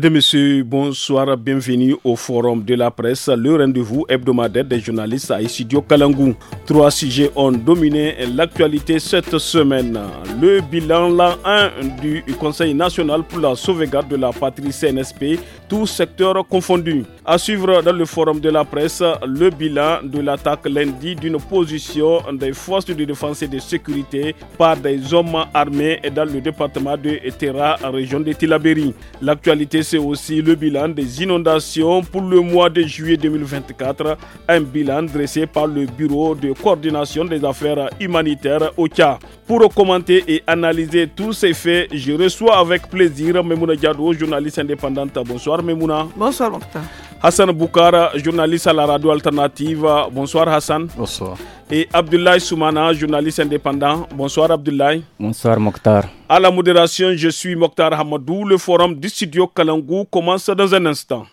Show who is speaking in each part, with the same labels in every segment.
Speaker 1: Mesdames, Messieurs, bonsoir, bienvenue au Forum de la presse, le rendez-vous hebdomadaire des journalistes à Isidio Kalangou. Trois sujets ont dominé l'actualité cette semaine. Le bilan l'an 1 du Conseil national pour la sauvegarde de la patrie CNSP, tous secteurs confondus. À suivre dans le Forum de la presse, le bilan de l'attaque lundi d'une position des forces de défense et de sécurité par des hommes armés dans le département de Etera, région de Tilaberi. L'actualité c'est aussi le bilan des inondations pour le mois de juillet 2024, un bilan dressé par le Bureau de coordination des affaires humanitaires au Pour commenter et analyser tous ces faits, je reçois avec plaisir Memouna Diado, journaliste indépendante. Bonsoir Memouna. Bonsoir Mokhtar. Hassan Boukara, journaliste à la radio alternative. Bonsoir Hassan. Bonsoir. Et Abdoulaye Soumana, journaliste indépendant. Bonsoir Abdoulaye.
Speaker 2: Bonsoir Mokhtar.
Speaker 1: À la modération, je suis Mokhtar Hamadou. Le forum du studio Kalangou commence dans un instant.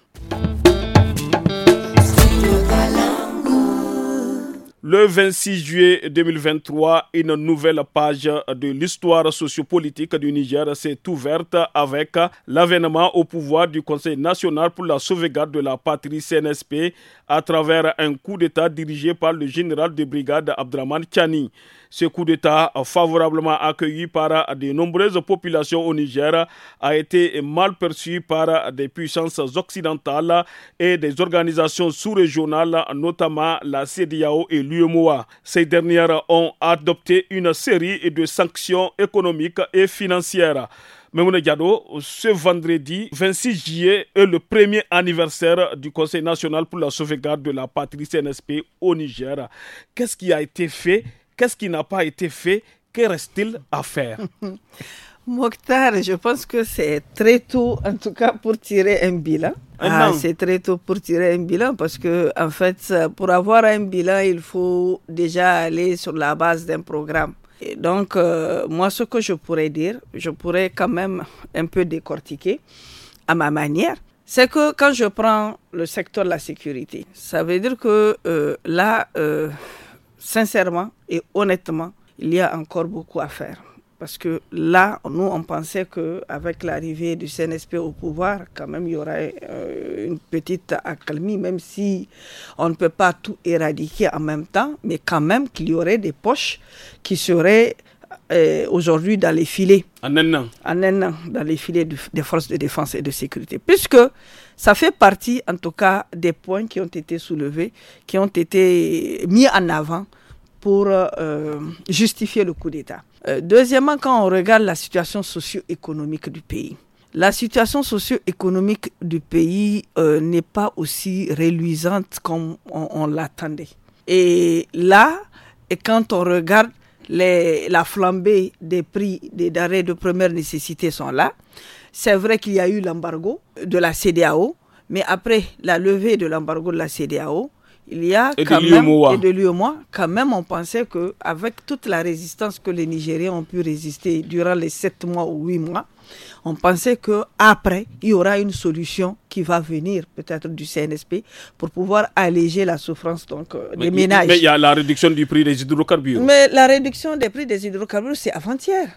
Speaker 1: Le 26 juillet 2023, une nouvelle page de l'histoire sociopolitique du Niger s'est ouverte avec l'avènement au pouvoir du Conseil national pour la sauvegarde de la patrie CNSP à travers un coup d'État dirigé par le général de brigade Abdraman Chani. Ce coup d'État, favorablement accueilli par de nombreuses populations au Niger, a été mal perçu par des puissances occidentales et des organisations sous-régionales, notamment la CDAO et l'UMOA. Ces dernières ont adopté une série de sanctions économiques et financières. Memouna Diado, ce vendredi 26 juillet est le premier anniversaire du Conseil national pour la sauvegarde de la patrie CNSP au Niger. Qu'est-ce qui a été fait Qu'est-ce qui n'a pas été fait Que reste-t-il à faire
Speaker 3: Mokhtar, je pense que c'est très tôt, en tout cas, pour tirer un bilan. Ah, c'est très tôt pour tirer un bilan parce que, en fait, pour avoir un bilan, il faut déjà aller sur la base d'un programme. donc, euh, moi, ce que je pourrais dire, je pourrais quand même un peu décortiquer à ma manière. C'est que quand je prends le secteur de la sécurité, ça veut dire que euh, là, euh, sincèrement et honnêtement, il y a encore beaucoup à faire. Parce que là, nous, on pensait qu'avec l'arrivée du CNSP au pouvoir, quand même, il y aurait euh, une petite accalmie, même si on ne peut pas tout éradiquer en même temps, mais quand même qu'il y aurait des poches qui seraient euh, aujourd'hui dans les filets. En En dans les filets des forces de défense et de sécurité. Puisque ça fait partie, en tout cas, des points qui ont été soulevés, qui ont été mis en avant pour euh, justifier le coup d'État. Euh, deuxièmement, quand on regarde la situation socio-économique du pays, la situation socio-économique du pays n'est pas aussi reluisante comme on, on l'attendait. Et là, et quand on regarde la flambée des prix des denrées de première nécessité sont là. C'est vrai qu'il y a eu l'embargo de la CDAO, mais après la levée de l'embargo de la CDAO, il y a et quand même et quand même on pensait que avec toute la résistance que les Nigériens ont pu résister durant les sept mois ou huit mois, on pensait que après il y aura une solution qui va venir peut-être du CNSP pour pouvoir alléger la souffrance donc euh, des ménages. Mais il y
Speaker 1: a la réduction du prix des hydrocarbures. Mais
Speaker 3: la réduction des prix des hydrocarbures, c'est avant-hier.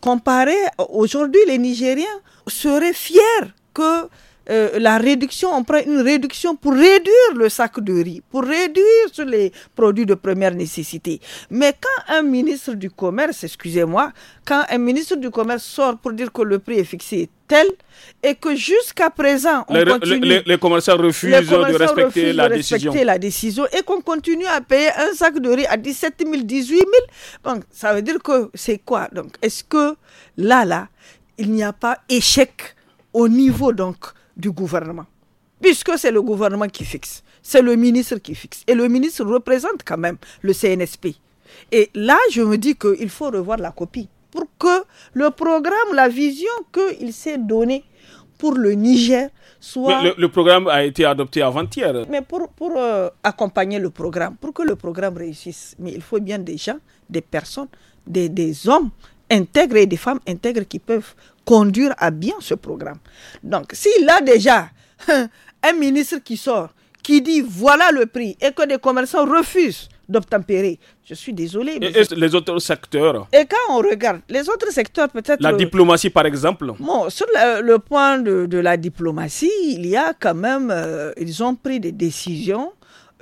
Speaker 3: Comparé aujourd'hui, les Nigériens seraient fiers que euh, la réduction, on prend une réduction pour réduire le sac de riz, pour réduire les produits de première nécessité. Mais quand un ministre du Commerce, excusez-moi, quand un ministre du Commerce sort pour dire que le prix est fixé tel et que jusqu'à présent, on les, continue, les,
Speaker 1: commerçants refusent les commerçants de respecter, refusent la, de respecter décision. la
Speaker 3: décision et qu'on continue à payer un sac de riz à 17 000, 18 000, donc ça veut dire que c'est quoi Donc est-ce que là, là, il n'y a pas échec au niveau donc du gouvernement. Puisque c'est le gouvernement qui fixe, c'est le ministre qui fixe. Et le ministre représente quand même le CNSP. Et là, je me dis qu'il faut revoir la copie pour que le programme, la vision qu'il s'est donnée pour le Niger soit...
Speaker 1: le, programme a été adopté avant-hier. Mais
Speaker 3: pour, euh, accompagner le programme, pour que le programme réussisse, mais il faut bien des gens, des personnes, des, des hommes intègres et des femmes intègres qui peuvent conduire à bien ce programme. Donc, s'il a déjà un ministre qui sort, qui dit voilà le prix, et que des commerçants refusent d'obtempérer, je suis désolé. et,
Speaker 1: les autres secteurs
Speaker 3: Et quand on regarde, les autres secteurs peut-être... La diplomatie par exemple sur le, point de, la diplomatie, il y a quand même... Euh, ils ont pris des décisions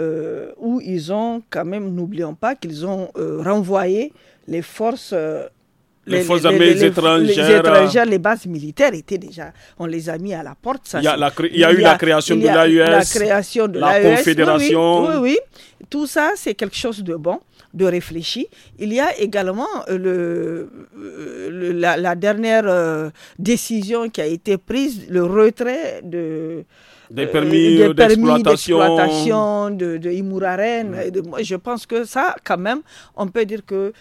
Speaker 3: euh, où ils ont quand même, n'oublions pas qu'ils ont euh, renvoyé les forces les, forces armées étrangères. Les bases militaires étaient déjà. On les a mis à la porte. Ça, il, y a eu la création de l'AUS. La création de la Confédération. Oui oui, Tout ça, c'est quelque chose de bon, de réfléchi. Il y a également euh, euh, le, la, dernière euh, décision qui a été prise, le retrait de
Speaker 1: des permis d'exploitation
Speaker 3: de, de Imouraren. Mm. Je pense que ça, quand même, on peut dire que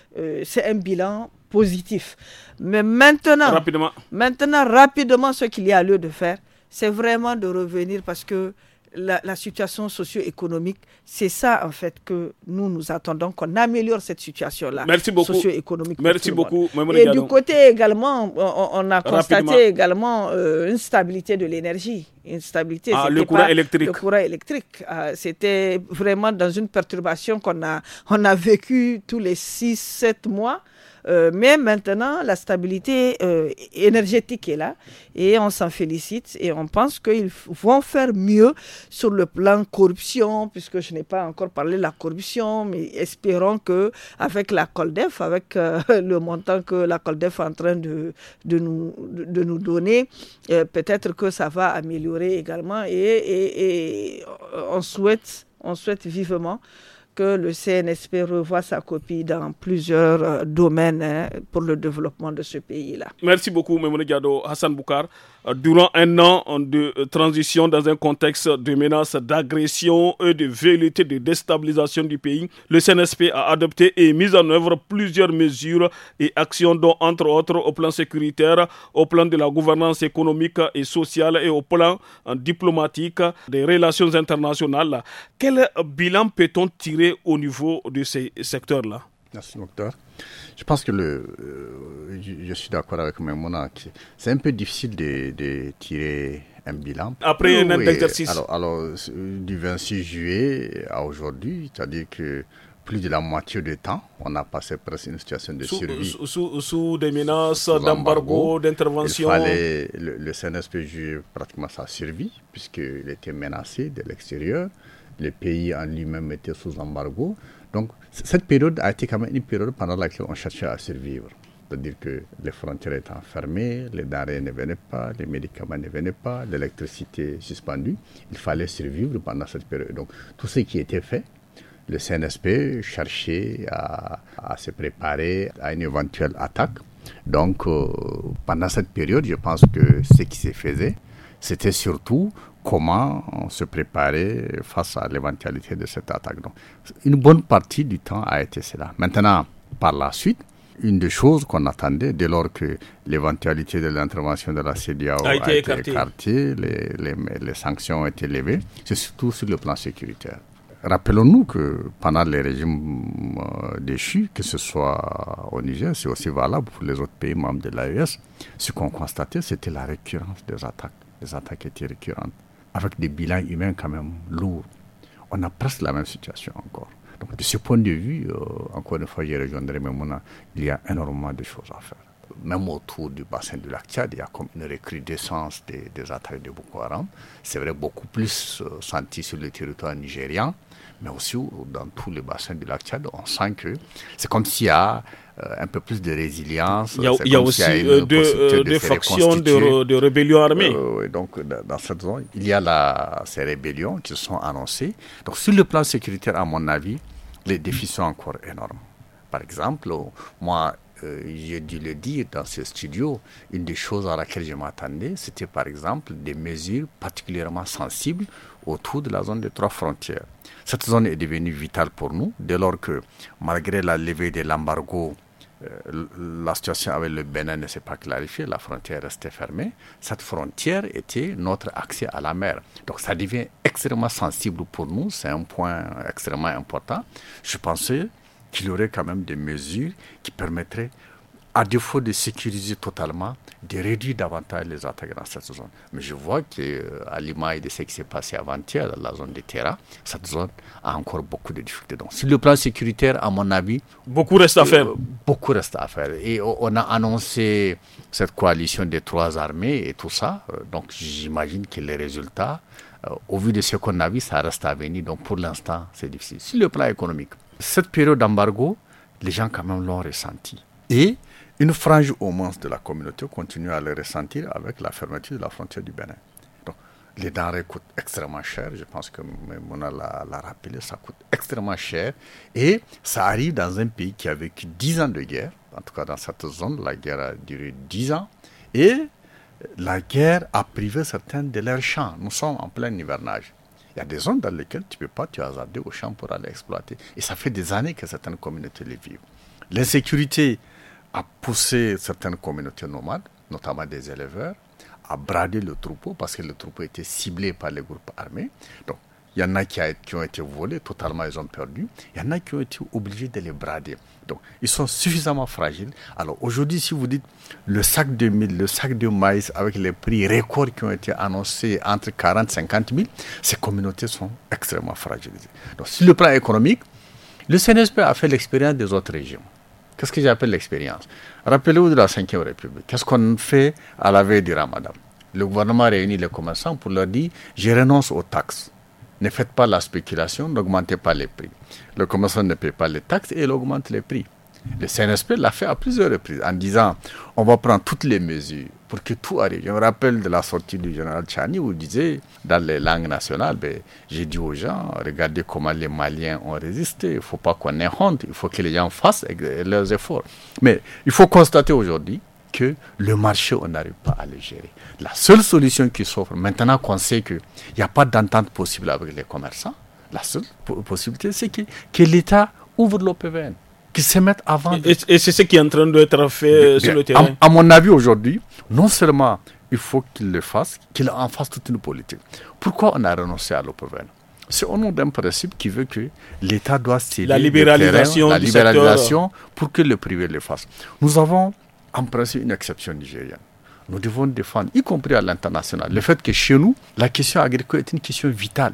Speaker 3: c'est un bilan positif. Mais maintenant, rapidement, maintenant, rapidement ce qu'il y a lieu de faire, c'est vraiment de revenir parce que la, situation socio-économique, c'est ça en fait que nous nous attendons, qu'on améliore cette situation-là. Merci beaucoup. Socio-économique. Merci beaucoup. Et du côté également, on, a constaté également euh, une stabilité de l'énergie, une stabilité. Ah, le courant électrique. Le courant électrique. Euh, c'était vraiment dans une perturbation qu'on a, on a vécu tous les 6-7 mois. Euh, mais maintenant, la stabilité euh, énergétique est là et on s'en félicite et on pense qu'ils vont faire mieux sur le plan corruption, puisque je n'ai pas encore parlé de la corruption, mais espérons que avec la Coldef, avec euh, le montant que la Coldef est en train de, de, nous, de nous donner, peut-être que ça va améliorer également et, et on souhaite on souhaite vivement que le CNSP revoie sa copie dans plusieurs euh, domaines hein, pour le développement de ce pays-là.
Speaker 1: Merci beaucoup, M. Gado Hassan Boukar. Euh, durant un an de euh, transition dans un contexte de menaces d'agression et de vérité de déstabilisation du pays, le CNSP a adopté et mis en œuvre plusieurs mesures et actions dont entre autres au plan sécuritaire, au plan de la gouvernance économique et sociale et au plan euh, diplomatique des relations internationales. Quel bilan peut-on tirer au niveau de ces secteurs-là
Speaker 4: Merci, docteur. Je pense que le, euh, je, suis d'accord avec Memona. C'est un peu difficile de, tirer un bilan. Après un exercice. Alors, alors, du 26 juillet à aujourd'hui, c'est-à-dire que plus de la moitié du temps, on a passé presque une situation de survie. Sous,
Speaker 1: sous, sous des menaces, d'embargo, d'intervention. Le,
Speaker 4: le CNSP jouait pratiquement sa survie, puisqu'il était menacé de l'extérieur. Le pays en lui-même était sous embargo. Donc cette période a été quand même une période pendant laquelle on cherchait à survivre. C'est-à-dire que les frontières étaient fermées, les denrées ne venaient pas, les médicaments ne venaient pas, l'électricité suspendue. Il fallait survivre pendant cette période. Donc tout ce qui était fait, le CNSP cherchait à, se préparer à une éventuelle attaque. Donc euh, pendant cette période, je pense que ce qui se faisait, c'était surtout comment on se préparer face à l'éventualité de cette attaque. une bonne partie du temps a été cela. Maintenant, par la suite, une des choses qu'on attendait dès lors que l'éventualité de l'intervention de la CDAO a été, écartée, les, les, sanctions ont été levées, c'est surtout sur le plan sécuritaire. Rappelons-nous que pendant les régimes euh, déchus, que ce soit au Niger, c'est aussi valable pour les autres pays membres de l'AES, ce qu'on constatait, c'était la récurrence des attaques. Les attaques étaient récurrentes avec des bilans humains quand même lourds. On a presque la même situation encore. Donc de ce point de vue, euh, encore une fois, je rejoindrai Memona, il y a énormément de choses à faire. Même autour du bassin du lac Tchad, il y a comme une recrudescence des, attaques de Boko Haram. C'est vrai, beaucoup plus euh, senti sur le territoire nigérian, mais aussi euh, dans tous les bassins du lac Tchad, on sent que c'est comme s'il y a euh, un peu plus de résilience. Il y a, aussi y euh, deux, euh, factions de, de, rébellions armées. Oui, donc, dans cette zone, il y a ces rébellions qui sont annoncées. Donc, sur le plan sécuritaire, à mon avis, les défis sont encore énormes. Par exemple, moi, j'ai dû le dire dans ce studio, une des choses à laquelle je m'attendais, c'était par exemple des mesures particulièrement sensibles autour de la zone des trois frontières. Cette zone est devenue vitale pour nous, dès lors que, malgré la levée de l'embargo, euh, la situation avec le Bénin ne s'est pas clarifiée, la frontière restait fermée. Cette frontière était notre accès à la mer. Donc ça devient extrêmement sensible pour nous, c'est un point extrêmement important. Je pensais qu'il y aurait quand même des mesures qui permettraient à défaut de sécuriser totalement, de réduire davantage les attaques dans cette zone. Mais je vois qu'à euh, l'image de ce qui s'est passé avant-hier dans la zone de Terra, cette zone a encore beaucoup de difficultés. Donc, sur le plan sécuritaire, à mon avis,
Speaker 1: beaucoup reste à euh, faire.
Speaker 4: Beaucoup reste à faire. Et on a annoncé cette coalition des trois armées et tout ça. Euh, donc, j'imagine que les résultats, au vu de ce qu'on a vu, ça reste à venir. Donc, pour l'instant, c'est difficile. Sur le plan économique, cette période d'embargo, les gens quand même l'ont ressenti. Et une frange au de la communauté continue à le ressentir avec la fermeture de la frontière du Bénin. Donc, les denrées coûtent extrêmement cher, je pense que Mona l'a rappelé, ça coûte extrêmement cher. Et ça arrive dans un pays qui a vécu 10 ans de guerre, en tout cas dans cette zone, la guerre a duré 10 ans. Et la guerre a privé certains de leurs champs. Nous sommes en plein hivernage. Il y a des zones dans lesquelles tu ne peux pas te hasarder aux champs pour aller exploiter. Et ça fait des années que certaines communautés les vivent. L'insécurité a poussé certaines communautés nomades, notamment des éleveurs, à brader le troupeau parce que le troupeau était ciblé par les groupes armés. Donc, il y en a qui, ont été volés, totalement ils ont perdu. Il y en a qui ont été obligés de les brader. Donc, ils sont suffisamment fragiles. Alors, aujourd'hui, si vous dites le sac de mil, le sac de maïs avec les prix records qui ont été annoncés entre 40 et 50 000, ces communautés sont extrêmement fragilisées. Donc, sur le plan économique, le CNSP a fait l'expérience des autres régions. Qu'est-ce que j'appelle l'expérience Rappelez-vous de la Ve République. Qu'est-ce qu'on fait à la veille du ramadan Le gouvernement réunit les commerçants pour leur dire je renonce aux taxes. Ne faites pas la spéculation, n'augmentez pas les prix. Le commerçant ne paye pas les taxes et il augmente les prix. Le CNSP l'a fait à plusieurs reprises en disant on va prendre toutes les mesures pour que tout arrive. Je me rappelle de la sortie du général Chani où il disait dans les langues nationales ben, j'ai dit aux gens, regardez comment les Maliens ont résisté. Il ne faut pas qu'on ait honte. Il faut que les gens fassent leurs efforts. Mais il faut constater aujourd'hui que le marché, on n'arrive pas à le gérer. La seule solution qui s'offre, maintenant qu'on sait qu'il n'y a pas d'entente possible avec les commerçants, la seule possibilité, c'est que, que l'État ouvre l'OPVN qui
Speaker 1: se mettent avant. Et, c'est ce qui est en train d'être fait euh, sur le terrain.
Speaker 4: À, mon avis, aujourd'hui, non seulement il faut qu'il le fasse, qu'il en fasse toute une politique. Pourquoi on a renoncé à l'OPVN C'est au nom d'un principe qui veut que l'État doit céder la libéralisation, la libéralisation pour que le privé le fasse. Nous avons en principe une exception nigérienne. Nous devons défendre, y compris à l'international, le fait que chez nous, la question agricole est une question vitale.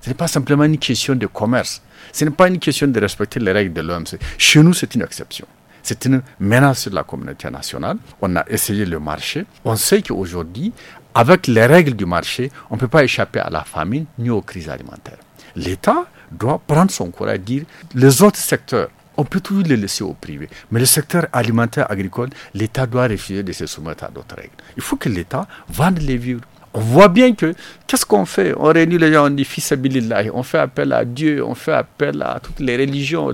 Speaker 4: Ce n'est pas simplement une question de commerce. Ce n'est pas une question de respecter les règles de l'OMC. Chez nous, c'est une exception. C'est une menace de la communauté nationale. On a essayé le marché. On sait qu'aujourd'hui, avec les règles du marché, on ne peut pas échapper à la famine ni aux crises alimentaires. L'État doit prendre son courage et dire les autres secteurs, on peut toujours les laisser au privé, mais le secteur alimentaire agricole, l'État doit refuser de se soumettre à d'autres règles. Il faut que l'État vende les vivres on voit bien que, qu'est-ce qu'on fait On réunit les gens, on dit fils on fait appel à Dieu, on fait appel à toutes les religions,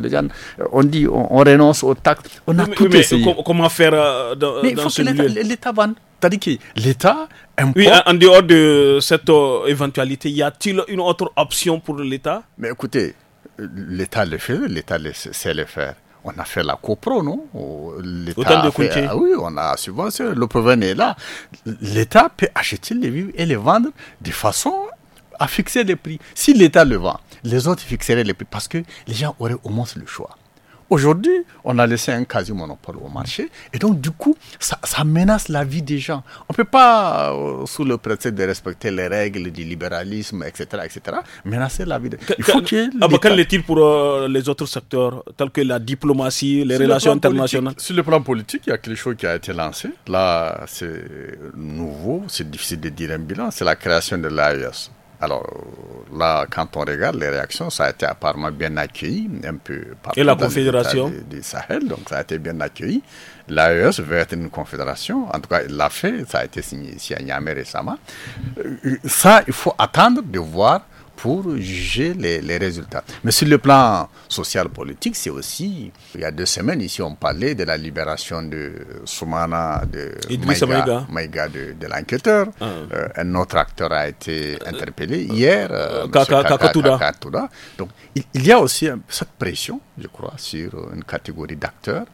Speaker 4: on dit, on, renonce au tact. On a tout mais essayé. Mais comment
Speaker 1: faire euh, dans, mais il faut que L'État vienne. cest que l'État Oui, en, dehors de cette euh, éventualité, y a-t-il une autre option pour l'État
Speaker 4: Mais écoutez, euh, l'État le fait, l'État sait le faire on a fait la copro, non L'État de ah oui, on a subventionné. Le problème est là. L'État peut acheter les vivres et les vendre de façon à fixer les prix. Si l'État le vend, les autres fixeraient les prix parce que les gens auraient au moins le choix. Aujourd'hui, on a laissé un quasi-monopole au marché. Et donc, du coup, ça, menace la vie des gens. On ne peut pas, euh, sous le prétexte de respecter les règles du libéralisme, etc., etc.,
Speaker 1: menacer la vie des gens. Ah, quel est-il pour euh, les autres secteurs, tels que la diplomatie, les relations internationales
Speaker 4: Sur le plan politique, il y a quelque chose qui a été lancé. Là, c'est nouveau, c'est difficile de dire un bilan. C'est la création de l'AES. Alors là, quand on regarde les réactions, ça a été apparemment bien accueilli, un peu par Et la confédération du, Sahel, donc ça a été bien accueilli. L'AES veut être une confédération, en tout cas, il l'a fait, ça a été signé ici à Niamey récemment. Euh, ça, il faut attendre de voir pour juger les, résultats. Mais sur le plan social-politique, c'est aussi, il y a deux semaines ici, on parlait de la libération de Soumana, de Maïga, de, l'enquêteur. Ah. Euh, un autre acteur a été interpellé hier, euh, euh, Kakatouda. Donc, il, y a aussi cette pression, je crois, sur une catégorie d'acteurs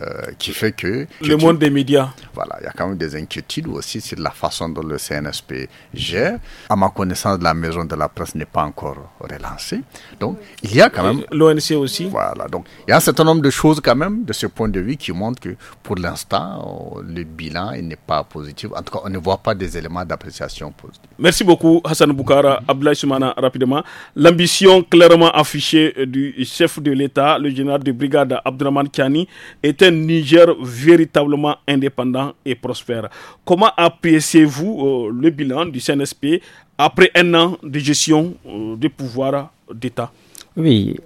Speaker 4: euh, qui fait que... Le monde des médias. Voilà, il y a quand même des inquiétudes aussi sur la façon dont le CNSP gère. À ma connaissance, la maison de la presse n'est pas encore relancée. Donc, il y a quand même... L'ONC aussi. Voilà, donc il y a un certain nombre de choses quand même de ce point de vue qui montrent que pour l'instant, euh, le bilan n'est pas positif. En tout cas, on ne voit pas des éléments d'appréciation positive.
Speaker 1: Merci beaucoup, Hassan Boukara. Abdoulaye Soumana, rapidement. L'ambition clairement affichée du chef de l'État, le général de brigade Abdraman Kiani, est un Niger véritablement indépendant et prospère. Comment appréciez-vous euh, le bilan du CNSP après un an de gestion euh, du pouvoir d'État
Speaker 2: Oui,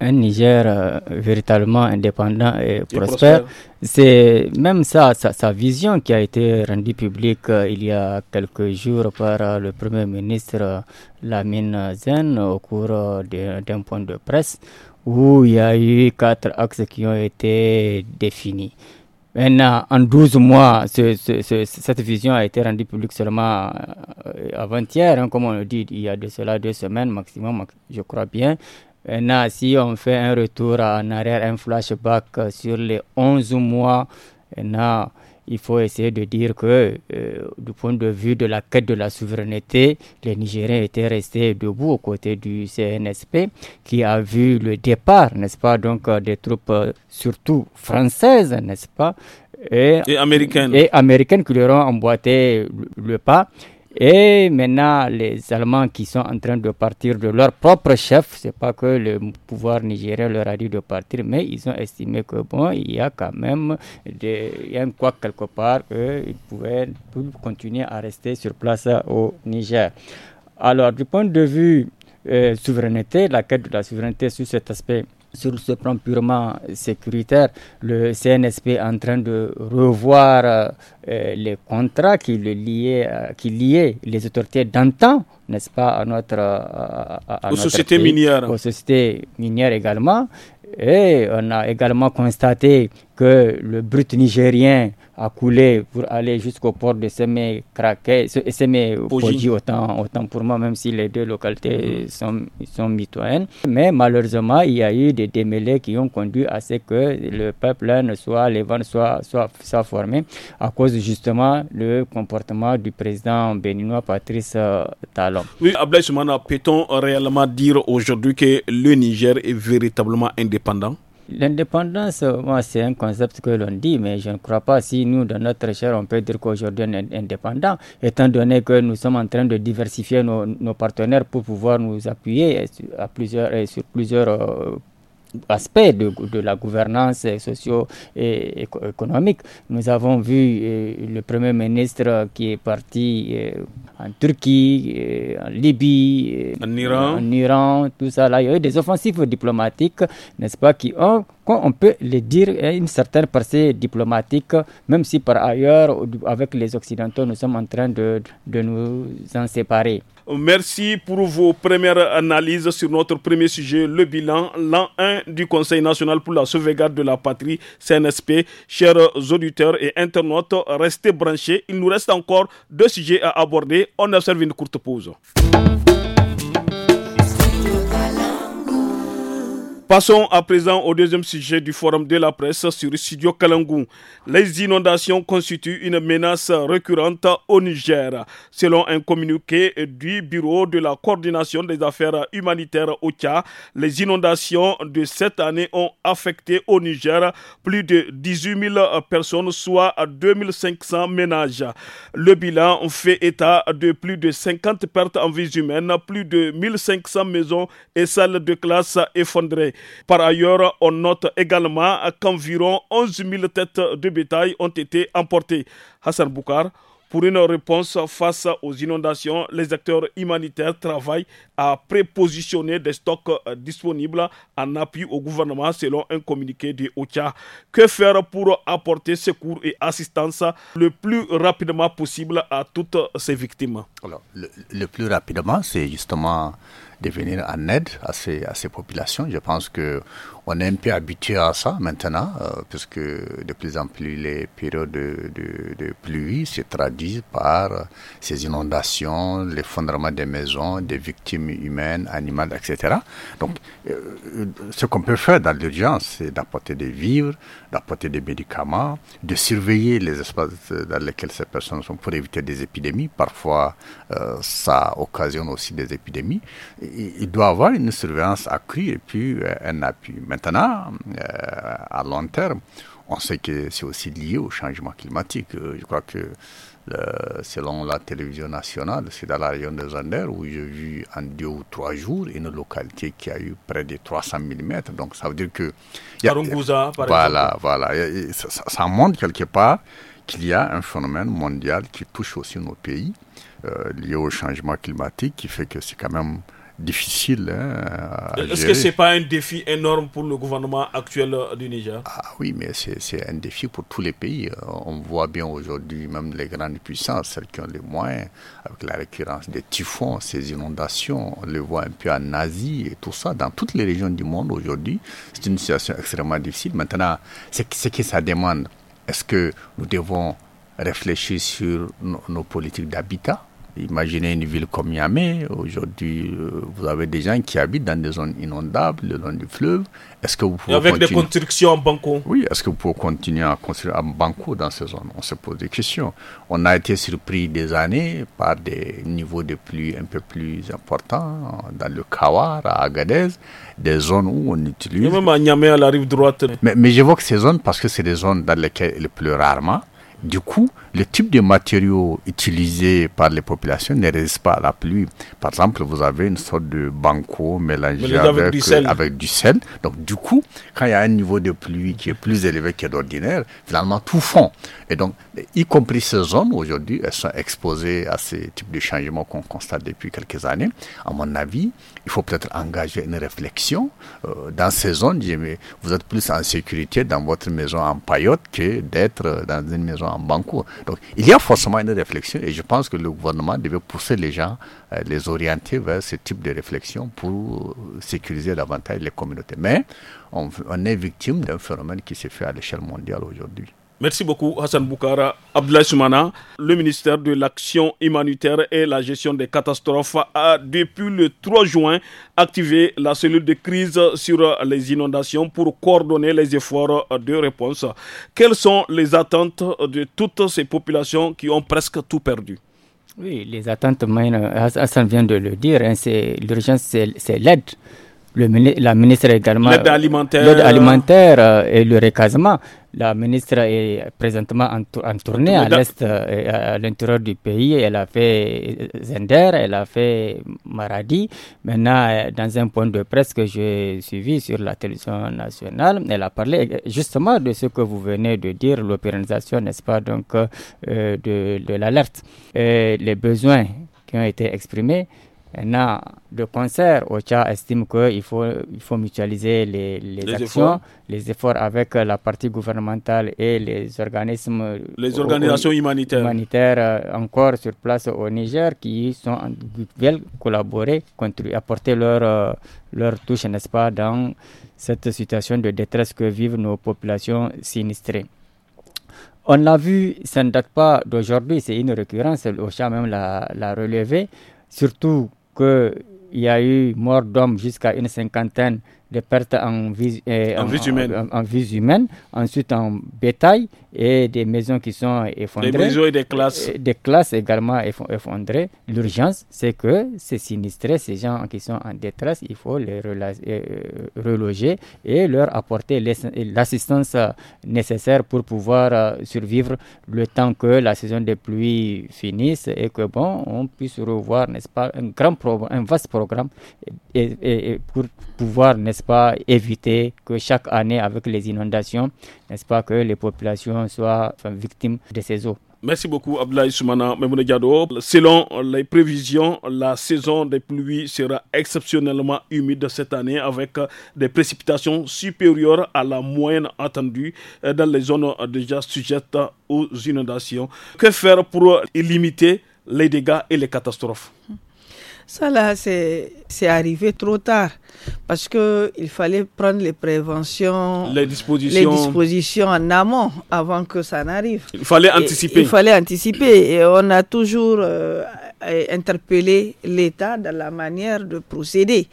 Speaker 2: un Niger euh, véritablement indépendant et, prospère. C'est même ça, sa, vision qui a été rendue publique il y a quelques jours par le Premier ministre Lamine Zen au cours d'un point de presse où il y a eu quatre axes qui ont été définis. Maintenant, en 12 mois, cette vision a été rendue publique seulement euh, avant-hier, hein, comme on le dit, il y a de cela deux semaines maximum, je crois bien. Maintenant, si on fait un retour en arrière, un flashback euh, sur les 11 mois, maintenant, il faut essayer de dire que euh, du point de vue de la quête de la souveraineté, les Nigériens étaient restés debout aux côtés du CNSP qui a vu le départ, n'est-ce pas, donc euh, des troupes euh, surtout françaises, n'est-ce pas, et, américaines. Et américaines qui leur ont emboîté le pas. Et maintenant, les Allemands qui sont en train de partir de leur propre chef, c'est pas que le pouvoir nigérien leur a dit de partir, mais ils ont estimé que bon, il y a quand même des, il un quoi quelque part qu'ils pouvaient continuer à rester sur place au Niger. Alors, du point de vue euh, souveraineté, la quête de la souveraineté sur cet aspect sur ce plan purement sécuritaire, le CNSP est en train de revoir euh, les contrats qui, le liaient, euh, qui liaient les autorités d'antan, n'est-ce pas, à notre, euh, à, aux notre sociétés minières. Aux sociétés minières également. Et on a également constaté que le brut nigérien a coulé pour aller jusqu'au port de Semé krake Semé Poji, autant, autant pour moi, même si les deux localités sont, sont mitoyennes. Mais malheureusement, il y a eu des démêlés qui ont conduit à ce que le peuple ne soit, les ventes soit à cause justement du comportement du président béninois Patrice euh, Talon.
Speaker 1: Oui, Ablaï peut-on réellement dire aujourd'hui que le Niger est véritablement indépendant? L'indépendance,
Speaker 2: moi, c'est un concept que l'on dit, mais je ne crois pas si nous, dans notre chair, on peut dire qu'aujourd'hui on est indépendant, étant donné que nous sommes en train de diversifier nos, partenaires pour pouvoir nous appuyer à plusieurs, sur plusieurs euh, Aspect de, la gouvernance socio-économique. Nous avons vu euh, le Premier ministre qui est parti euh, en Turquie, euh, en Libye, en Iran. en tout ça. il y a eu des offensives diplomatiques, n'est-ce pas, qui ont, on peut le dire, une certaine percée diplomatique, même si par ailleurs, avec les Occidentaux, nous sommes en train de, de nous en séparer.
Speaker 1: Merci pour vos premières analyses sur notre premier sujet, le bilan, l'an 1 du Conseil national pour la sauvegarde de la patrie, CNSP. Chers auditeurs et internautes, restez branchés. Il nous reste encore deux sujets à aborder. On observe une courte pause. Passons à présent au deuxième sujet du forum de la presse sur Studio Kalangou. Les inondations constituent une menace récurrente au Niger. Selon un communiqué du Bureau de la coordination des affaires humanitaires OCHA, les inondations de cette année ont affecté au Niger plus de 18 000 personnes, soit 2500 ménages. Le bilan fait état de plus de 50 pertes en vie humaine, plus de 1500 maisons et salles de classe effondrées. Par ailleurs, on note également qu'environ 11 000 têtes de bétail ont été emportées. Hassan Boukar, pour une réponse face aux inondations, les acteurs humanitaires travaillent à prépositionner des stocks euh, disponibles en appui au gouvernement selon un communiqué de OCHA. Que faire pour apporter secours et assistance le plus rapidement possible à toutes ces victimes Alors,
Speaker 4: le, plus rapidement, c'est justement de venir en aide à ces, à ces populations. Je pense que on est un peu habitué à ça maintenant, euh, puisque de plus en plus les périodes de, de pluie se traduisent par ces inondations, l'effondrement des maisons, des victimes humaine, animale, etc. Donc, euh, ce qu'on peut faire dans l'urgence, c'est d'apporter des vivres, d'apporter des médicaments, de surveiller les espaces dans lesquels ces personnes sont pour éviter des épidémies. Parfois, euh, ça occasionne aussi des épidémies. Il, doit y avoir une surveillance accrue et puis euh, un appui. Maintenant, à long terme, on sait que c'est aussi lié au changement climatique. Je crois que euh, selon la télévision nationale, c'est dans la région de Zander où j'ai vu en deux ou trois jours une localité qui a eu près de 300 mm. Donc ça veut dire que. par
Speaker 1: exemple. Voilà,
Speaker 4: voilà. Ça, montre quelque part qu'il y a un phénomène mondial qui touche aussi nos pays, euh, lié au changement climatique, qui fait que c'est quand même
Speaker 1: difficile.
Speaker 4: Hein, est-ce que ce n'est
Speaker 1: pas un défi énorme pour le gouvernement actuel euh, du Niger Ah
Speaker 4: oui, mais c'est un défi pour tous les pays. Euh, on voit bien aujourd'hui, même les grandes puissances, celles qui ont les moyens, avec la récurrence des typhons, ces inondations, on le voit un peu en Asie et tout ça, dans toutes les régions du monde aujourd'hui. C'est une situation extrêmement difficile. Maintenant, ce que ça demande, est-ce que nous devons réfléchir sur nos politiques d'habitat Imaginez une ville comme Yamé. Aujourd'hui, euh, vous avez des gens qui habitent dans des zones inondables, le long du fleuve. Est-ce que vous pouvez avec des
Speaker 1: constructions en banco Oui,
Speaker 4: est-ce que vous pouvez continuer à construire en banco dans ces zones On se pose des questions. On a été surpris des années par des niveaux de pluie un peu plus importants dans le Kawar, à Agadez, des zones où on utilise. même à Niamey, à la rive droite. Mais, mais j'évoque ces zones parce que c'est des zones dans lesquelles il pleut rarement. Du coup, le type de matériaux utilisés par les populations ne résiste pas à la pluie. Par exemple, vous avez une sorte de banco mélangé avec, euh, avec, du sel. Donc, du coup, quand il y a un niveau de pluie qui est plus élevé que d'ordinaire, finalement, tout fond. Et donc, y compris ces zones, aujourd'hui, elles sont exposées à ces types de changements qu'on constate depuis quelques années. À mon avis, il faut peut-être engager une réflexion. Euh, dans ces zones, vous êtes plus en sécurité dans votre maison en paillote que d'être dans une maison en banco. Donc, il y a forcément une réflexion et je pense que le gouvernement devait pousser les gens, euh, les orienter vers ce type de réflexion pour euh, sécuriser davantage les communautés. Mais on, on est victime d'un phénomène qui se fait à l'échelle mondiale aujourd'hui.
Speaker 1: Merci beaucoup Hassan Boukara. Abdoulaye Soumana, le ministère de l'Action humanitaire et la gestion des catastrophes a, depuis le 3 juin, activé la cellule de crise sur les inondations pour coordonner les efforts de réponse. Quelles sont les attentes de toutes ces populations qui ont presque tout perdu
Speaker 2: Oui, les attentes, Hassan vient de le dire, hein, c'est l'urgence, c'est l'aide la ministre également. L'aide alimentaire. Euh, euh, et le recasement. La ministre est présentement en, tournée à l'est, euh, à l'intérieur du pays. Elle a fait Zender, elle a fait Maradi. Maintenant, dans un point de presse que j'ai suivi sur la télévision nationale, elle a parlé justement de ce que vous venez de dire, l'opéranisation, n'est-ce pas, donc, de, de l'alerte. les besoins qui ont été exprimés a de concert, OCHA estime qu'il faut, il faut mutualiser les, les, actions, les efforts avec la partie gouvernementale et les organismes. Les organisations humanitaires. Humanitaires euh, encore sur place au Niger qui, sont, veulent collaborer, contribuer, apporter leur, euh, leur touche, n'est-ce pas, dans cette situation de détresse que vivent nos populations sinistrées. On l'a vu, ça ne date pas d'aujourd'hui, c'est une récurrence, OCHA même l'a relevé, surtout qu'il y a eu mort d'hommes jusqu'à une cinquantaine des pertes en vie, euh, en, vie humaine. ensuite en bétail et des maisons qui sont effondrées. Des maisons
Speaker 1: et des classes. Euh, des
Speaker 2: classes également effondrées. L'urgence, c'est que ces sinistrés, ces gens qui sont en détresse, il faut les euh, reloger et leur apporter l'assistance nécessaire pour pouvoir survivre le temps que la saison des pluies finisse et que bon, on puisse revoir, n'est-ce pas, un grand un vaste programme et, pour pouvoir, n'est-ce pas, éviter que chaque année, avec les inondations, n'est-ce pas, que les populations soient victimes de ces eaux.
Speaker 1: Merci beaucoup Abdoulaye Soumana Selon les prévisions, la saison des pluies sera exceptionnellement humide cette année avec des précipitations supérieures à la moyenne attendue dans les zones déjà sujettes aux inondations. Que faire pour limiter les dégâts et les catastrophes
Speaker 3: ça, là, c'est arrivé trop tard parce qu'il fallait prendre les préventions, les dispositions. en amont avant que ça n'arrive. Il fallait anticiper. il fallait anticiper. Et on a toujours euh, interpellé l'État dans la manière de procéder.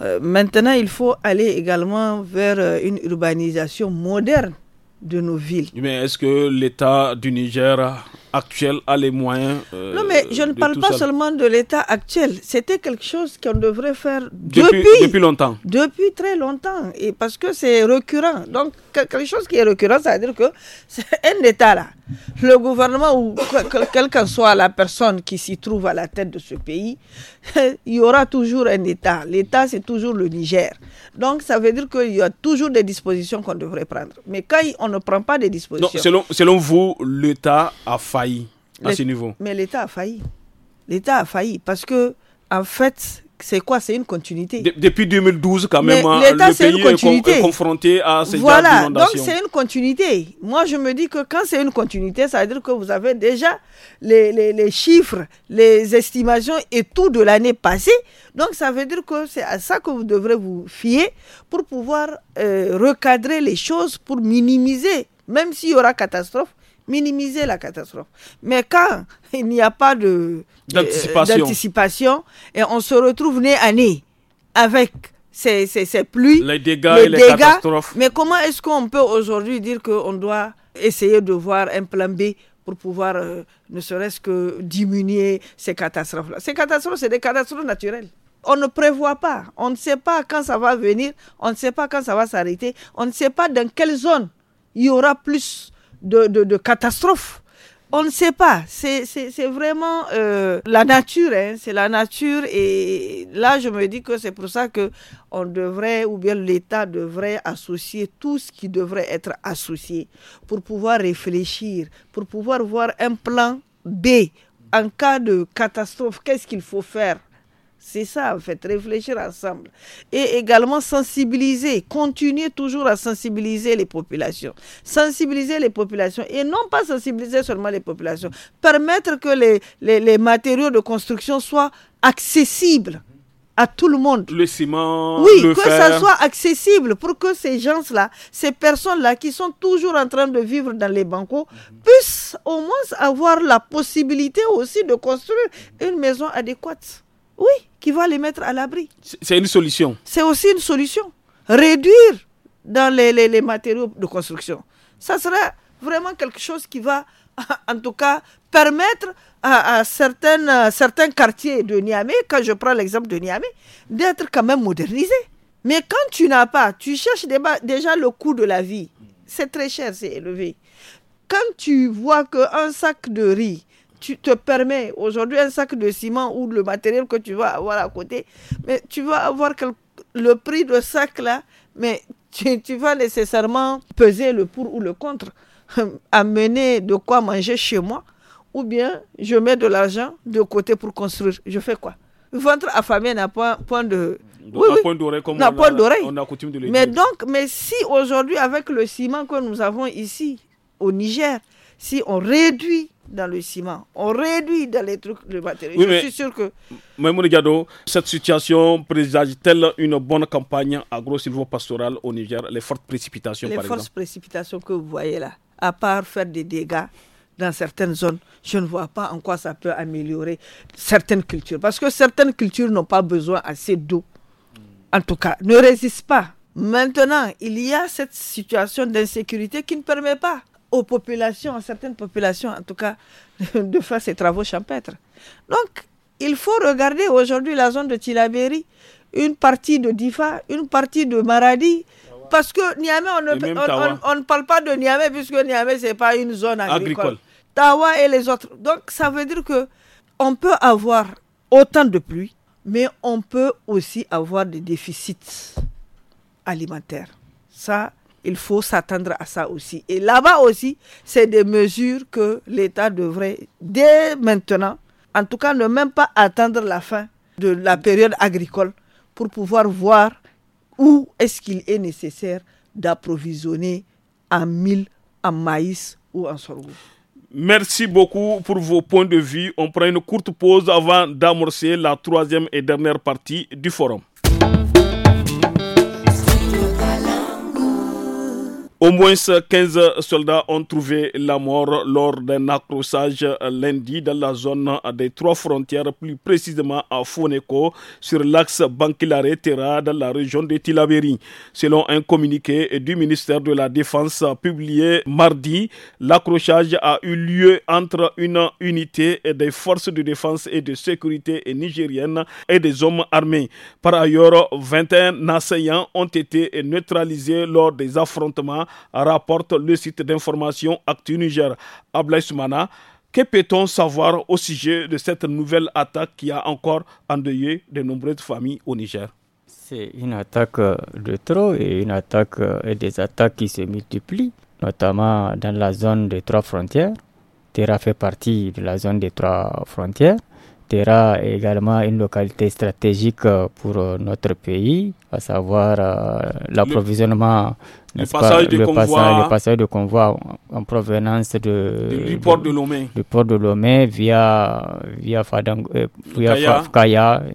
Speaker 3: Euh, maintenant, il faut aller également vers euh, une urbanisation moderne de nos villes.
Speaker 1: Mais est-ce que l'État du Niger actuel a les moyens. Euh, non, mais je ne parle pas seulement
Speaker 3: de l'État actuel. C'était quelque chose qu'on devrait faire depuis, depuis, longtemps. Depuis très longtemps. Et parce que c'est récurrent. Donc, quelque chose qui est récurrent, ça veut dire que c'est un État là. Le gouvernement ou quelle que soit la personne qui s'y trouve à la tête de ce pays, il y aura toujours un État. L'État, c'est toujours le Niger. Donc, ça veut dire qu'il y a toujours des dispositions qu'on devrait prendre. Mais quand on ne prend pas des dispositions. selon, selon
Speaker 1: vous, l'État a failli à ce niveau.
Speaker 3: Mais l'État a failli. L'État a failli parce que, en fait, c'est quoi C'est une continuité.
Speaker 1: depuis 2012, quand même, hein, le pays est, confronté à ces Voilà, donc c'est une
Speaker 3: continuité. Moi, je me dis que quand c'est une continuité, ça veut dire que vous avez déjà les, les, chiffres, les estimations et tout de l'année passée. Donc, ça veut dire que c'est à ça que vous devrez vous fier pour pouvoir euh, recadrer les choses, pour minimiser, même s'il y aura catastrophe, minimiser la catastrophe. Mais quand il n'y a pas de d'anticipation et on se retrouve nez à nez avec ces, ces, pluies, les dégâts, les et les catastrophes. Mais comment est-ce qu'on peut aujourd'hui dire qu'on doit essayer de voir un plan B pour pouvoir euh, ne serait-ce que diminuer ces catastrophes-là Ces catastrophes, c'est des catastrophes naturelles on ne prévoit pas, on ne sait pas quand ça va venir, on ne sait pas quand ça va s'arrêter, on ne sait pas dans quelle zone il y aura plus de, catastrophe on ne sait pas. C'est vraiment euh, la nature. Hein. C'est la nature. Et là, je me dis que c'est pour ça que on devrait, ou bien l'État devrait associer tout ce qui devrait être associé pour pouvoir réfléchir, pour pouvoir voir un plan B en cas de catastrophe. Qu'est-ce qu'il faut faire c'est ça, en fait, réfléchir ensemble. Et également sensibiliser, continuer toujours à sensibiliser les populations. Sensibiliser les populations et non pas sensibiliser seulement les populations. Permettre que les, matériaux de construction soient accessibles à tout le monde. Le ciment, oui, que ça soit accessible pour que ces gens-là, ces personnes-là qui sont toujours en train de vivre dans les bancos, puissent au moins avoir la possibilité aussi de construire une maison adéquate. Oui, qui va les mettre à l'abri. C'est une solution. C'est aussi une solution. Réduire dans les, les, matériaux de construction. Ça serait vraiment quelque chose qui va, en tout cas, permettre à, certaines, à certains quartiers de Niamey, quand je prends l'exemple de Niamey, d'être quand même modernisés. Mais quand tu n'as pas, tu cherches déjà le coût de la vie. C'est très cher, c'est élevé. Quand tu vois qu'un sac de riz tu te permets aujourd'hui un sac de ciment ou le matériel que tu vas avoir à côté, mais tu vas avoir le prix de sac là, mais tu, vas nécessairement peser le pour ou le contre, amener de quoi manger chez moi, ou bien je mets de l'argent de côté pour construire. Je fais quoi Ventre affamé n'a point, point de. point d'oreille, coutume de mais Donc, mais si aujourd'hui, avec le ciment que nous avons ici, au Niger, si on réduit dans le ciment, on réduit dans les trucs de matériel. Je suis sûr que.
Speaker 1: Mme cette situation présage-t-elle une bonne campagne agro pastoral au Niger Les fortes précipitations, par exemple Les fortes
Speaker 3: précipitations que vous voyez là, à part faire des dégâts dans certaines zones, je ne vois pas en quoi ça peut améliorer certaines cultures. Parce que certaines cultures n'ont pas besoin assez d'eau. En tout cas, ne résistent pas. Maintenant, il y a cette situation d'insécurité qui ne permet pas aux populations, à certaines populations en tout cas, de faire ces travaux champêtres. Donc, il faut regarder aujourd'hui la zone de Tilaberi, une partie de Difa, une partie de Maradi, parce que Niamey, on ne, parle pas de Niamey, puisque Niamey, ce n'est pas une zone agricole. agricole. Tawa et les autres. Donc, ça veut dire que on peut avoir autant de pluie, mais on peut aussi avoir des déficits alimentaires. Ça, il faut s'attendre à ça aussi. Et là-bas aussi, c'est des mesures que l'État devrait, dès maintenant, en tout cas ne même pas attendre la fin de la période agricole pour pouvoir voir où est-ce qu'il est nécessaire d'approvisionner en mille, en maïs ou en sorgho. Merci beaucoup pour vos points de
Speaker 1: vue. On prend une courte pause avant d'amorcer la troisième et dernière partie du forum. Au moins 15 soldats ont trouvé la mort lors d'un accrochage lundi dans la zone des trois frontières, plus précisément à Foneko, sur l'axe Bankilare-Terra dans la région de Tilaberi. Selon un communiqué du ministère de la Défense publié mardi, l'accrochage a eu lieu entre une unité des forces de défense et de sécurité nigériennes et des hommes armés. Par ailleurs, 21 assaillants ont été neutralisés lors des affrontements rapporte le site d'information Actu Niger. à Soumana, que peut-on savoir au sujet de cette nouvelle attaque qui a encore endeuillé de nombreuses familles au Niger C'est
Speaker 2: une attaque euh, de trop et une attaque euh, et des attaques qui se multiplient, notamment dans la zone des trois frontières. Terra fait partie de la zone des trois frontières. Terra est également une localité stratégique euh, pour notre pays, à savoir l'approvisionnement le passage, convoi, de convoi en, provenance de, du port de, Lomé. port de Lomé via, via, Fadang, euh,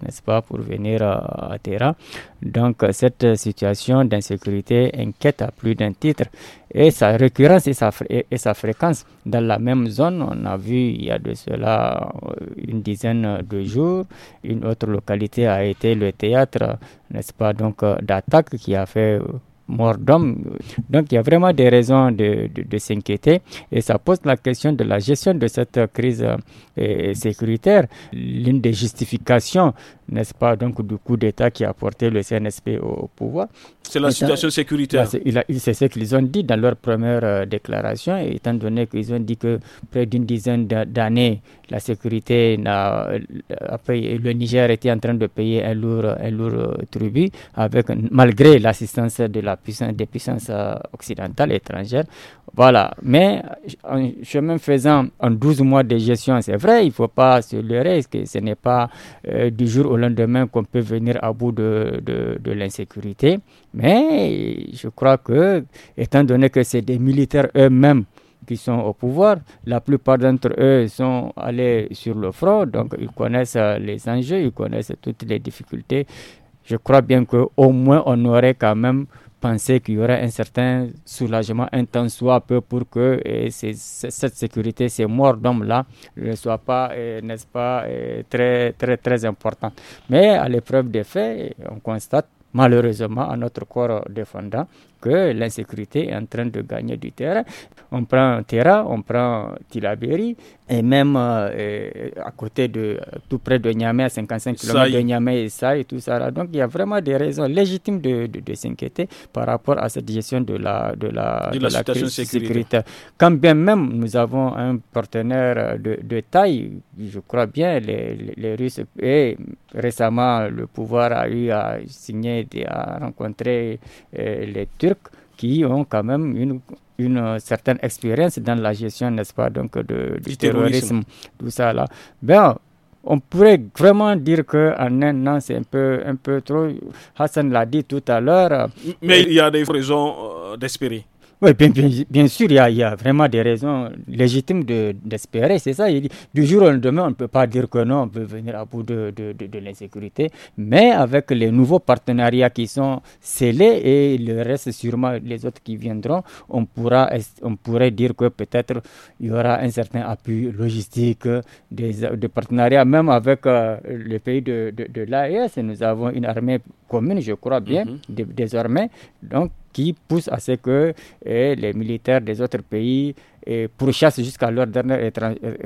Speaker 2: n'est-ce pas, pour venir à, à Donc, euh, cette situation d'insécurité inquiète à plus d'un titre. Et sa récurrence et sa, et, et sa, fréquence dans la même zone, on a vu il y a de cela euh, une dizaine de jours, une autre localité a été le théâtre, n'est-ce pas, donc d'attaque qui a fait mort d'hommes. Donc il y a vraiment des raisons de, de, s'inquiéter et ça pose la question de la gestion de cette crise euh, sécuritaire. L'une des justifications, n'est-ce pas, donc du coup d'État qui a porté le CNSP au, pouvoir. C'est la situation sécuritaire. Bah, c'est ce qu'ils ont dit dans leur première euh, déclaration, étant donné qu'ils ont dit que près d'une dizaine d'années, la sécurité n'a euh, le Niger était en train de payer un lourd, un lourd tribut avec malgré l'assistance de la des puissances euh, occidentales, étrangères. Voilà. Mais en chemin faisant, en 12 mois de gestion, c'est vrai, il ne faut pas se leurrer, que ce n'est pas euh, du jour au lendemain qu'on peut venir à bout de, de l'insécurité. Mais je crois que, étant donné que c'est des militaires eux-mêmes, qui sont au pouvoir. La plupart d'entre eux sont allés sur le front, donc ils connaissent euh, les enjeux, ils connaissent toutes les difficultés. Je crois bien qu'au moins on aurait quand même penser qu'il y aurait un certain soulagement, un temps soit peu pour que eh, cette sécurité, ces morts d'hommes-là eh, ne soient pas, eh, n'est-ce pas, très, très, très importantes. Mais à l'épreuve des faits, on constate malheureusement à notre corps défendant que l'insécurité est en train de gagner du terrain. On prend Terra, on prend Tilaberi, et même euh, à côté de, tout près de Niamey, à 55 km de Niamey et ça et tout ça. Donc il y a vraiment des raisons légitimes de, s'inquiéter par rapport à cette gestion de la, de la, sécuritaire. Quand bien même nous avons un partenaire de, taille, je crois bien, les, les, Russes, et récemment le pouvoir a eu à signer, à rencontrer euh, les Turcs qui ont quand même une, une certaine expérience dans la gestion, n'est-ce pas, donc du, terrorisme. tout ça là. Ben, on pourrait vraiment dire qu'en un an, c'est un peu, un peu trop. Hassan l'a dit tout à l'heure.
Speaker 1: Mais il y a des raisons euh, d'espérer.
Speaker 2: Oui, bien, bien, sûr, il y, a, vraiment des raisons légitimes d'espérer, c'est ça. du jour au lendemain, on ne peut pas dire que non, on peut venir à bout de, de, de l'insécurité, mais avec les nouveaux partenariats qui sont scellés et le reste sûrement les autres qui viendront, on, pourra, on pourrait dire que peut-être il y aura un certain appui logistique, euh, des, partenariats même avec euh, les pays de, l'AES. Nous avons une armée commune, je crois bien, mm-hmm. désormais. Donc, qui pousse à ce que eh, les militaires des autres pays eh, pourchassent jusqu'à leur dernier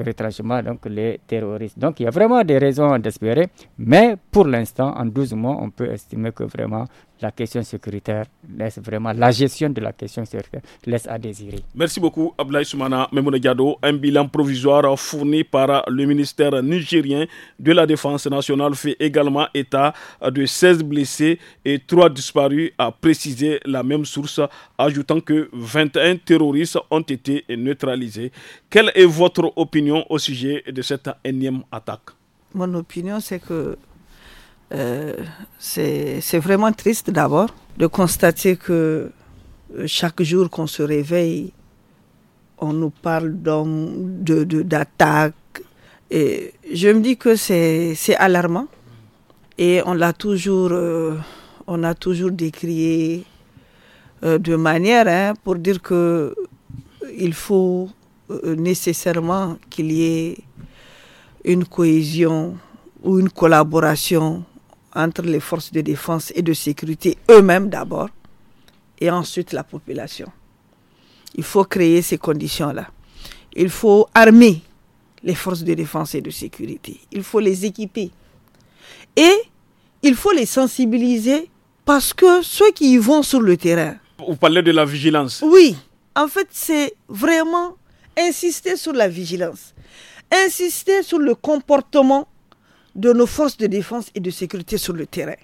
Speaker 2: retranchement donc les terroristes. Donc il y a vraiment des raisons d'espérer, mais pour l'instant, en 12 mois, on peut estimer que vraiment la question sécuritaire laisse vraiment la gestion de la question sécuritaire laisse à
Speaker 1: désirer. Merci beaucoup Abdoulaye Soumana Diado. Un bilan provisoire fourni par le ministère nigérien de la Défense nationale fait également état de 16 blessés et 3 disparus, a précisé la même source, ajoutant que 21 terroristes ont été neutralisés. Quelle est votre opinion au sujet de cette énième attaque
Speaker 3: Mon opinion, c'est que euh, c'est vraiment triste d'abord de constater que euh, chaque jour qu'on se réveille, on nous parle d'attaques. De, et je me dis que c'est alarmant. Et on l'a toujours, euh, on a toujours décrié de manière hein, pour dire que il faut nécessairement qu'il y ait une cohésion ou une collaboration entre les forces de défense et de sécurité eux-mêmes d'abord, et ensuite la population. Il faut créer ces conditions-là. Il faut armer les forces de défense et de sécurité. Il faut les équiper. Et il faut les sensibiliser parce que ceux qui y vont sur le terrain.
Speaker 1: Vous parlez de la vigilance.
Speaker 3: Oui, en fait, c'est vraiment insister sur la vigilance, insister sur le comportement de nos forces de défense et de sécurité sur le terrain.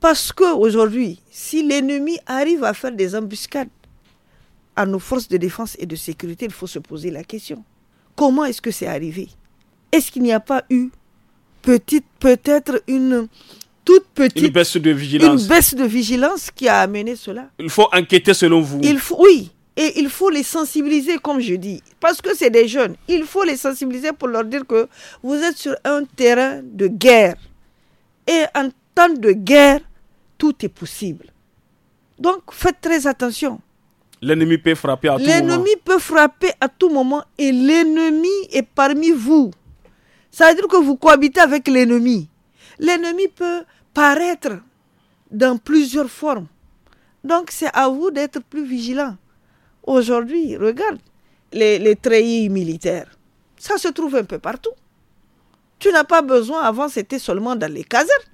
Speaker 3: Parce qu'aujourd'hui, si l'ennemi arrive à faire des embuscades à nos forces de défense et de sécurité, il faut se poser la question. Comment est-ce que c'est arrivé Est-ce qu'il n'y a pas eu petite, peut-être une toute petite baisse, de vigilance. une baisse de vigilance qui a amené cela
Speaker 1: Il faut enquêter selon vous. Il
Speaker 3: faut, oui, et il faut les sensibiliser, comme je dis, parce que c'est des jeunes. Il faut les sensibiliser pour leur dire que vous êtes sur un terrain de guerre. Et en temps de guerre, tout est possible. Donc faites très attention.
Speaker 1: L'ennemi peut frapper à tout moment. L'ennemi
Speaker 3: peut frapper à tout moment et l'ennemi est parmi vous. Ça veut dire que vous cohabitez avec l'ennemi. L'ennemi peut paraître dans plusieurs formes. Donc c'est à vous d'être plus vigilant. Aujourd'hui, regarde les, les treillis militaires. Ça se trouve un peu partout. Tu n'as pas besoin, avant c'était seulement dans les casernes.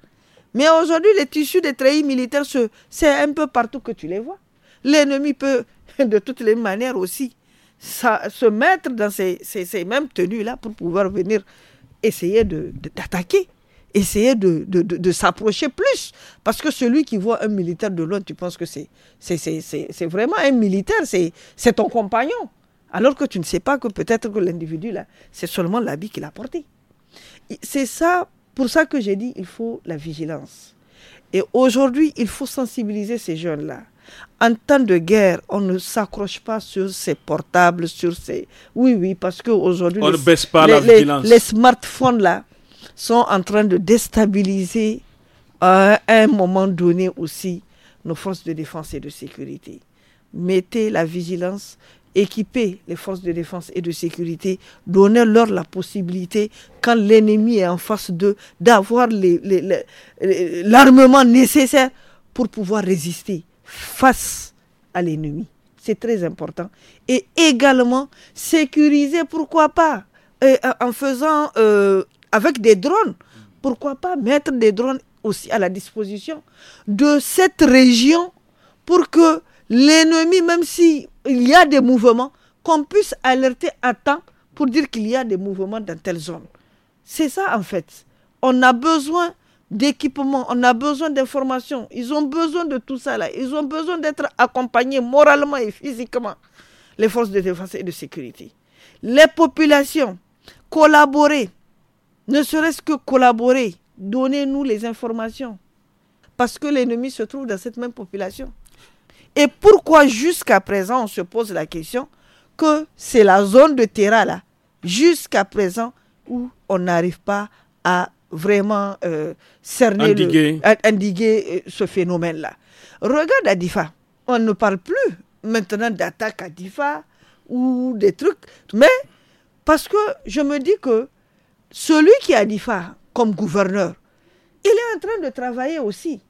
Speaker 3: Mais aujourd'hui, les tissus des treillis militaires, c'est un peu partout que tu les vois. L'ennemi peut, de toutes les manières aussi, se mettre dans ces, mêmes tenues-là pour pouvoir venir essayer d'attaquer. De, t'attaquer essayer de, s'approcher plus. Parce que celui qui voit un militaire de loin, tu penses que c'est, c'est, c'est, vraiment un militaire, c'est, c'est ton compagnon. Alors que tu ne sais pas que peut-être que l'individu, là, c'est seulement l'habit qu'il a porté. C'est ça, pour ça que j'ai dit, il faut la vigilance. Et aujourd'hui, il faut sensibiliser ces jeunes-là. En temps de guerre, on ne s'accroche pas sur ses portables, sur ses... Oui, oui, parce qu'aujourd'hui... On ne baisse pas la vigilance. les smartphones, là, sont en train de déstabiliser euh, à un moment donné aussi nos forces de défense et de sécurité. Mettez la vigilance, équipez les forces de défense et de sécurité, donnez-leur la possibilité, quand l'ennemi est en face d'eux, d'avoir l'armement nécessaire pour pouvoir résister face à l'ennemi. C'est très important. Et également, sécuriser, pourquoi pas, en faisant euh, avec des drones. Pourquoi pas mettre des drones aussi à la disposition de cette région pour que l'ennemi, même s'il y a des mouvements, qu'on puisse alerter à temps pour dire qu'il y a des mouvements dans telle zone. C'est ça en fait. On a besoin d'équipement, on a besoin d'informations. Ils ont besoin de tout ça là. Ils ont besoin d'être accompagnés moralement et physiquement. Les forces de défense et de sécurité. Les populations collaborer ne serait-ce que collaborer, donnez-nous les informations. Parce que l'ennemi se trouve dans cette même population. Et pourquoi jusqu'à présent on se pose la question que c'est la zone de terrain là, jusqu'à présent, où on n'arrive pas à vraiment euh, cerner, indiguer, indiguer euh, ce phénomène-là. Regarde Adifa, on ne parle plus maintenant d'attaque à Difa ou des trucs, mais parce que je me dis que celui qui a Difa comme gouverneur, il est en train de travailler aussi.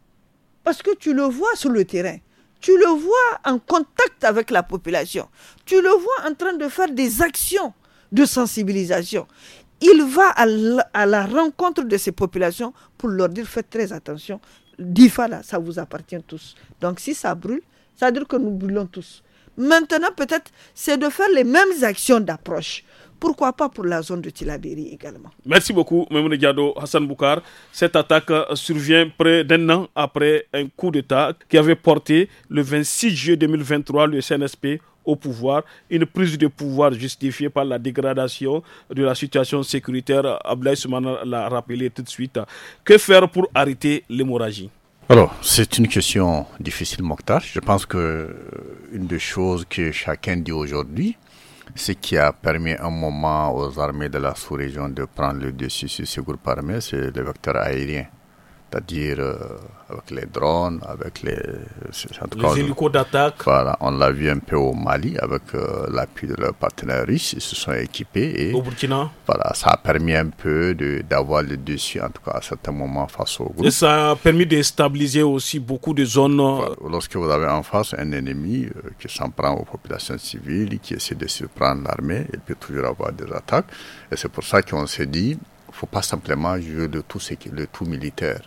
Speaker 3: Parce que tu le vois sur le terrain, tu le vois en contact avec la population, tu le vois en train de faire des actions de sensibilisation. Il va à la, rencontre de ces populations pour leur dire faites très attention, Difa là, ça vous appartient tous. Donc si ça brûle, ça veut dire que nous brûlons tous. Maintenant, peut-être, c'est de faire les mêmes actions d'approche pourquoi pas pour la zone de Tilaberi également.
Speaker 1: Merci beaucoup, Mme Diado Hassan Boukar. Cette attaque survient près d'un an après un coup d'État qui avait porté le 26 juillet 2023 le CNSP au pouvoir, une prise de pouvoir justifiée par la dégradation de la situation sécuritaire. Ablaï Soumana l'a rappelé tout de suite. Que faire pour arrêter l'hémorragie
Speaker 4: alors, c'est une question difficile, Mokhtar. Je pense que euh, une des choses que chacun dit aujourd'hui, ce qui a permis un moment aux armées de la sous-région de prendre le dessus sur ce groupe armé, c'est le vecteur aérien c'est-à-dire euh, avec les drones, avec les, en tout les cas, d'attaque. Voilà, on l'a vu un peu au Mali avec euh, l'appui de leurs partenaires russes, ils se sont équipés. Et, au Burkina Voilà, ça a permis un peu d'avoir le dessus, en tout cas à certains moments face au groupe. Et
Speaker 1: ça a permis de stabiliser aussi beaucoup
Speaker 4: de zones. Euh, lorsque vous avez en face un ennemi qui s'en prend aux populations civiles, qui essaie de surprendre l'armée, il peut toujours avoir des attaques. Et c'est pour ça qu'on s'est dit, faut pas simplement jouer le tout, le tout militaire.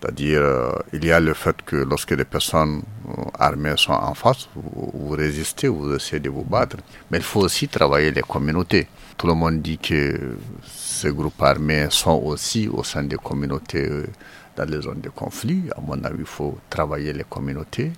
Speaker 4: C'est-à-dire, euh, il y a le fait que lorsque les personnes euh, armées sont en face, vous, résistez, vous essayez de vous battre. Mais il faut aussi travailler les communautés. Tout le monde dit que ces groupes armés sont aussi au sein des communautés euh, dans les zones de conflit. À mon avis, il faut travailler les communautés.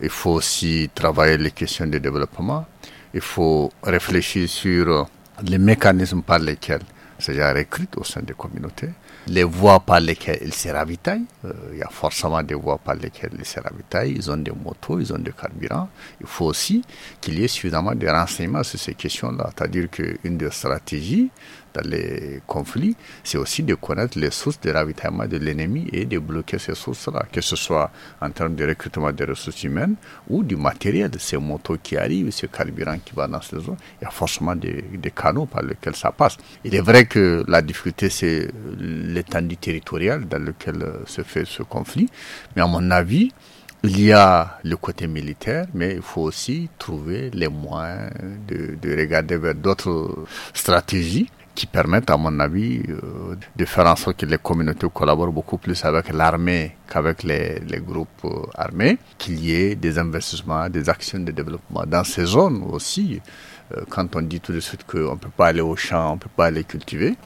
Speaker 4: il faut aussi travailler les questions de développement. Il faut réfléchir sur les mécanismes par lesquels c'est déjà recruté au sein des communautés, les voies par lesquelles ils se ravitaillent, euh, il y a forcément des voies par lesquelles ils se ravitaillent, ils ont des motos, ils ont des carburants. Il faut aussi qu'il y ait suffisamment de renseignements sur ces questions-là. C'est-à-dire qu'une des stratégies dans les conflits, c'est aussi de connaître les sources de ravitaillement de l'ennemi et de bloquer ces sources-là, que ce soit en termes de recrutement des ressources humaines ou du matériel, ces motos qui arrivent, ce carburant qui va dans ces zones, il y a forcément des, canaux par lesquels ça passe. Il est vrai que la difficulté, c'est l'étendue territoriale dans laquelle euh, se fait ce conflit, mais à mon avis, il y a le côté militaire, mais il faut aussi trouver les moyens de regarder vers d'autres stratégies qui permettent, à mon avis, euh, de faire en sorte que les communautés collaborent beaucoup plus avec l'armée qu'avec les, groupes euh, armés, qu'il y ait des investissements, des actions de développement dans ces zones aussi. Euh, quand on dit tout de suite qu'on ne peut pas aller au champ, on ne peut pas aller cultiver,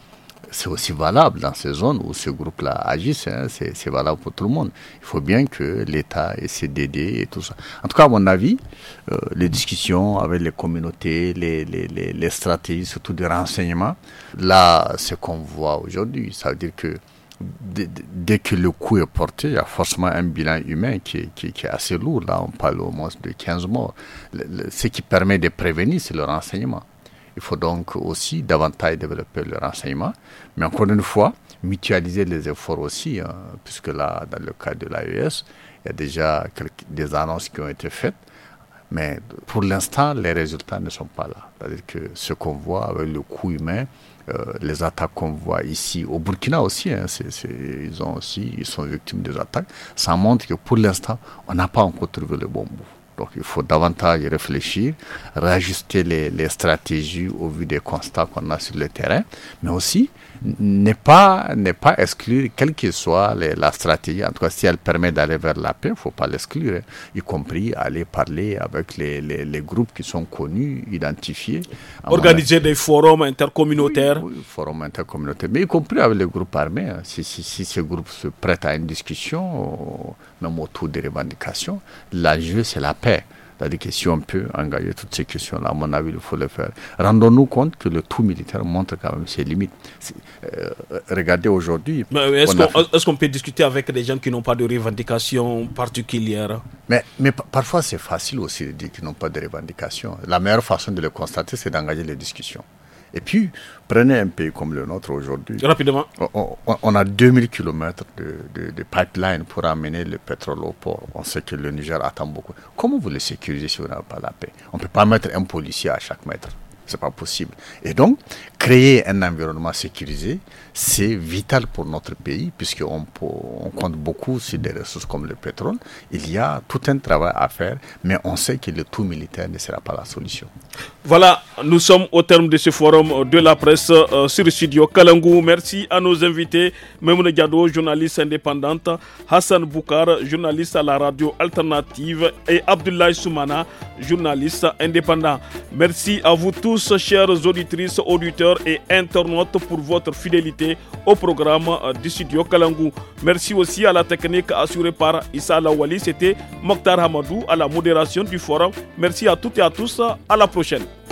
Speaker 4: c'est aussi valable dans ces zones où ce groupe-là agit, hein, c'est valable pour tout le monde. Il faut bien que l'État essaie d'aider et tout ça. En tout cas, à mon avis, euh, les discussions avec les communautés, les, les, les, les stratégies, surtout des renseignements, là, ce qu'on voit aujourd'hui, ça veut dire que dès que le coup est porté, il y a forcément un bilan humain qui, qui, est assez lourd. Là, on parle au moins de 15 morts. ce qui permet de prévenir, c'est le renseignement. Il faut donc aussi davantage développer le renseignement, mais encore une fois, mutualiser les efforts aussi, hein, puisque là, dans le cas de l'AES, il y a déjà des annonces qui ont été faites, mais pour l'instant, les résultats ne sont pas là. C'est-à-dire que ce qu'on voit avec le coût humain, euh, les attaques qu'on voit ici, au Burkina aussi, hein, ils, ont aussi ils sont victimes des attaques, ça montre que pour l'instant, on n'a pas encore trouvé le bon bout. Donc il faut davantage réfléchir, réajuster les, les stratégies au vu des constats qu'on a sur le terrain, mais aussi n'est pas, n'est pas exclure, quelle que soit la stratégie. En tout cas, si elle permet d'aller vers la paix, il ne faut pas l'exclure, hein. y compris aller parler avec les, les, groupes qui sont connus, identifiés. Organiser des forums intercommunautaires. Oui, forums intercommunautaires, mais y compris avec les groupes armés. Hein. Si, si, si, ces groupes se prêtent à une discussion, même autour des revendications, l'enjeu, c'est la paix. C'est des questions si on peut engager toutes ces questions-là, à mon avis, il faut le faire. Rendons-nous compte que le tout militaire montre quand même ses limites. Euh, regardez aujourd'hui. Est-ce
Speaker 1: qu'on peut discuter avec des gens qui n'ont pas de revendications particulières
Speaker 4: Mais, mais parfois, c'est facile aussi de dire qu'ils n'ont pas de revendications. La meilleure façon de le constater, c'est d'engager les discussions. Et puis, prenez un pays comme le nôtre aujourd'hui. Rapidement. On, a 2000 km de, de, pipeline pour amener le pétrole au port. On sait que le Niger attend beaucoup. Comment vous le sécurisez si vous n'avez pas la paix On ne peut pas mettre un policier à chaque mètre. Ce n'est pas possible. Et donc, créer un environnement sécurisé, c'est vital pour notre pays, puisqu'on on compte beaucoup sur des ressources comme le pétrole. Il y a tout un travail à faire, mais on sait que le tout militaire ne sera pas la solution.
Speaker 1: Voilà, nous sommes au terme de ce forum de la presse euh, sur le studio Kalangou. Merci à nos invités, Memoune Gado, journaliste indépendante, Hassan Boukar, journaliste à la radio alternative, et Abdoulaye Soumana, journaliste indépendant. Merci à vous tous, chers auditrices, auditeurs et internautes pour votre fidélité au programme euh, du studio Kalangou. Merci aussi à la technique assurée par Issa Lawali. C'était Mokhtar Hamadou à la modération du forum. Merci à toutes et à tous. Euh, à la prochaine.